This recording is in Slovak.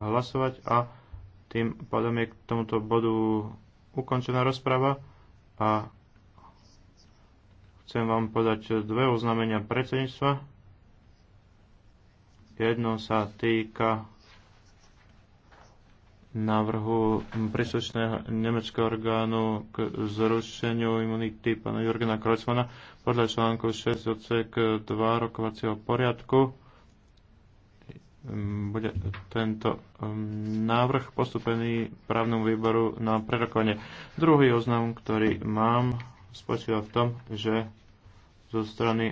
hlasovať a tým pádom je k tomuto bodu ukončená rozprava a chcem vám podať dve oznámenia predsedníctva. Jedno sa týka návrhu príslušného nemeckého orgánu k zrušeniu imunity pána Jurgena Kreuzmana podľa článku 6 odsek 2 rokovacieho poriadku bude tento um, návrh postupený právnom výboru na prerokovanie. Druhý oznam, ktorý mám, spočíva v tom, že zo strany